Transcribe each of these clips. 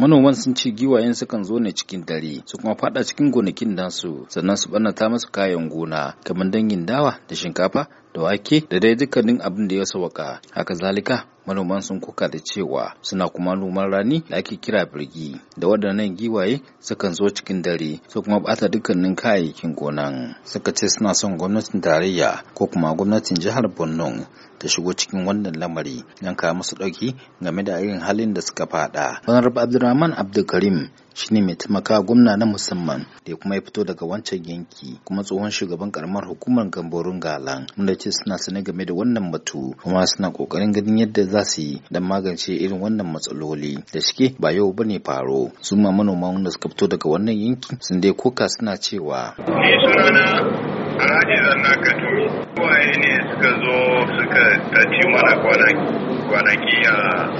manoman sun ce giwayen sukan zo ne cikin dare su kuma fada cikin gonakin nasu sannan su barnata masu kayan gona kamar dangin dawa da shinkafa da wake da dai dukkanin abin da ya sauka haka zalika manoman sun kuka da cewa suna kuma noman rani da ake kira birgi da waɗannan giwaye sukan zo cikin dare su kuma bata dukkanin kayayyakin gonan suka ce suna son gwamnatin tarayya ko kuma gwamnatin jihar borno ta shigo cikin wannan lamari don kawo musu ɗauki game da irin halin da suka faɗa. Rabu Abdulrahman Abdulkarim shine mai taimaka gwamna na musamman da kuma ya fito daga wancan yanki kuma tsohon shugaban karamar hukumar gamborun galan wanda ce suna sane game da wannan batu kuma suna kokarin ganin yadda za su yi don magance irin wannan matsaloli da shike ba yau bane faro su ma manoma wanda suka fito daga wannan yanki sun dai koka suna cewa waye ne suka zo suka tace mana kwanaki a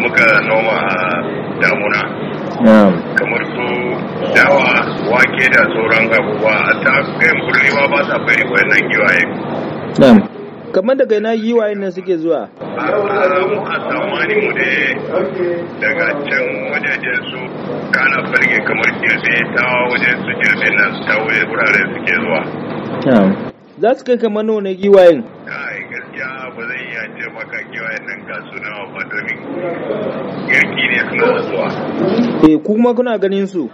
muka noma damuna kamar su dawa wake da sauran abubuwa ta kayan burnewa ba sa bari wannan giwaye kamar daga na giwaye nan suke zuwa a tsammanin mu da daga can wajajen su kana farge kamar girbe ta wajen su girbe nan ta wajen wurare suke zuwa za su kai kamar nuna giwayen ai gaskiya ba zai iya ce maka giwayen nan ga suna ba domin girki ne suna zuwa? eh kuma kuna ganin su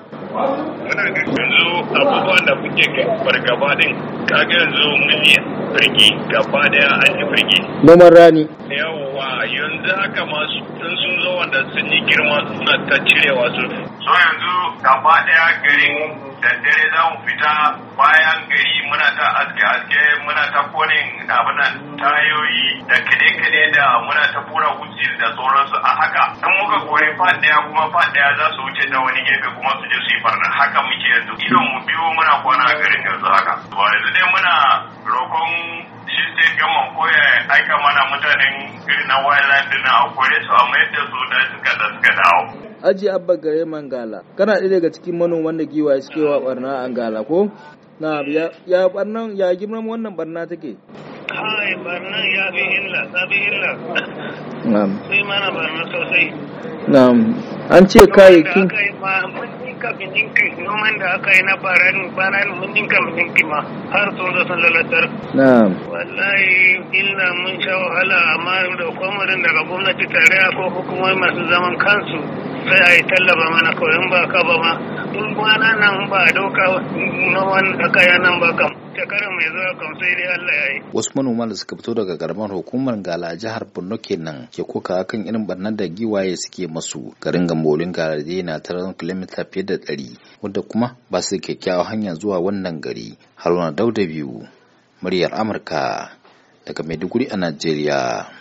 muna ganin yanzu abubuwan da kuke fargaba din kaga yanzu mun yi firgi gaba daya an yi firgi noman rani yawwa yanzu haka masu sun zo wanda sun yi girma suna ta cirewa su so yanzu gaba daya garin da dare za mu fita bayan gari muna ta aske aske muna ta konin abinan tayoyi da kade kade da muna ta bura wuce da sauransu a haka in muka kore fad daya kuma fad daya za su wuce da wani gefe kuma su je su yi farna haka muke yanzu idan mu biyo muna kwana a garin yanzu haka ba yanzu dai muna roƙon shi sai koya aika mana mutanen na wayar da a akwai su a mayar da su da suka da suka dawo aji abba gare mangala kana ɗaya daga cikin manoman da giwaye suke wa barna a angala ko na ya barnan ya girman wannan barna take hai barnan ya bi illa ta bi illa na'am sai mana barna sosai na'am an ce kayayyakin kin noman da aka yi na baran baran mun dinka mun dinki ma har sun zo sun lalatar. Na'am. Wallahi illa mun sha wahala amma da kwamarin daga gwamnati tare ko hukumomi masu zaman kansu za a yi tallaba mana kawai in ba ka ba ma in kwana nan ba a dauka na wani kaya nan ba kam shekarar mai zuwa kam sai dai Allah ya yi. Wasu manoma da suka fito daga garman hukumar Gala a jihar Borno kenan ke koka kan irin barnar da giwaye suke masu garin Gambolin Gala dai na taron kilomita fiye da ɗari wadda kuma ba su kyakkyawa hanya zuwa wannan gari Haruna Dauda biyu muryar Amurka daga Maiduguri a Najeriya.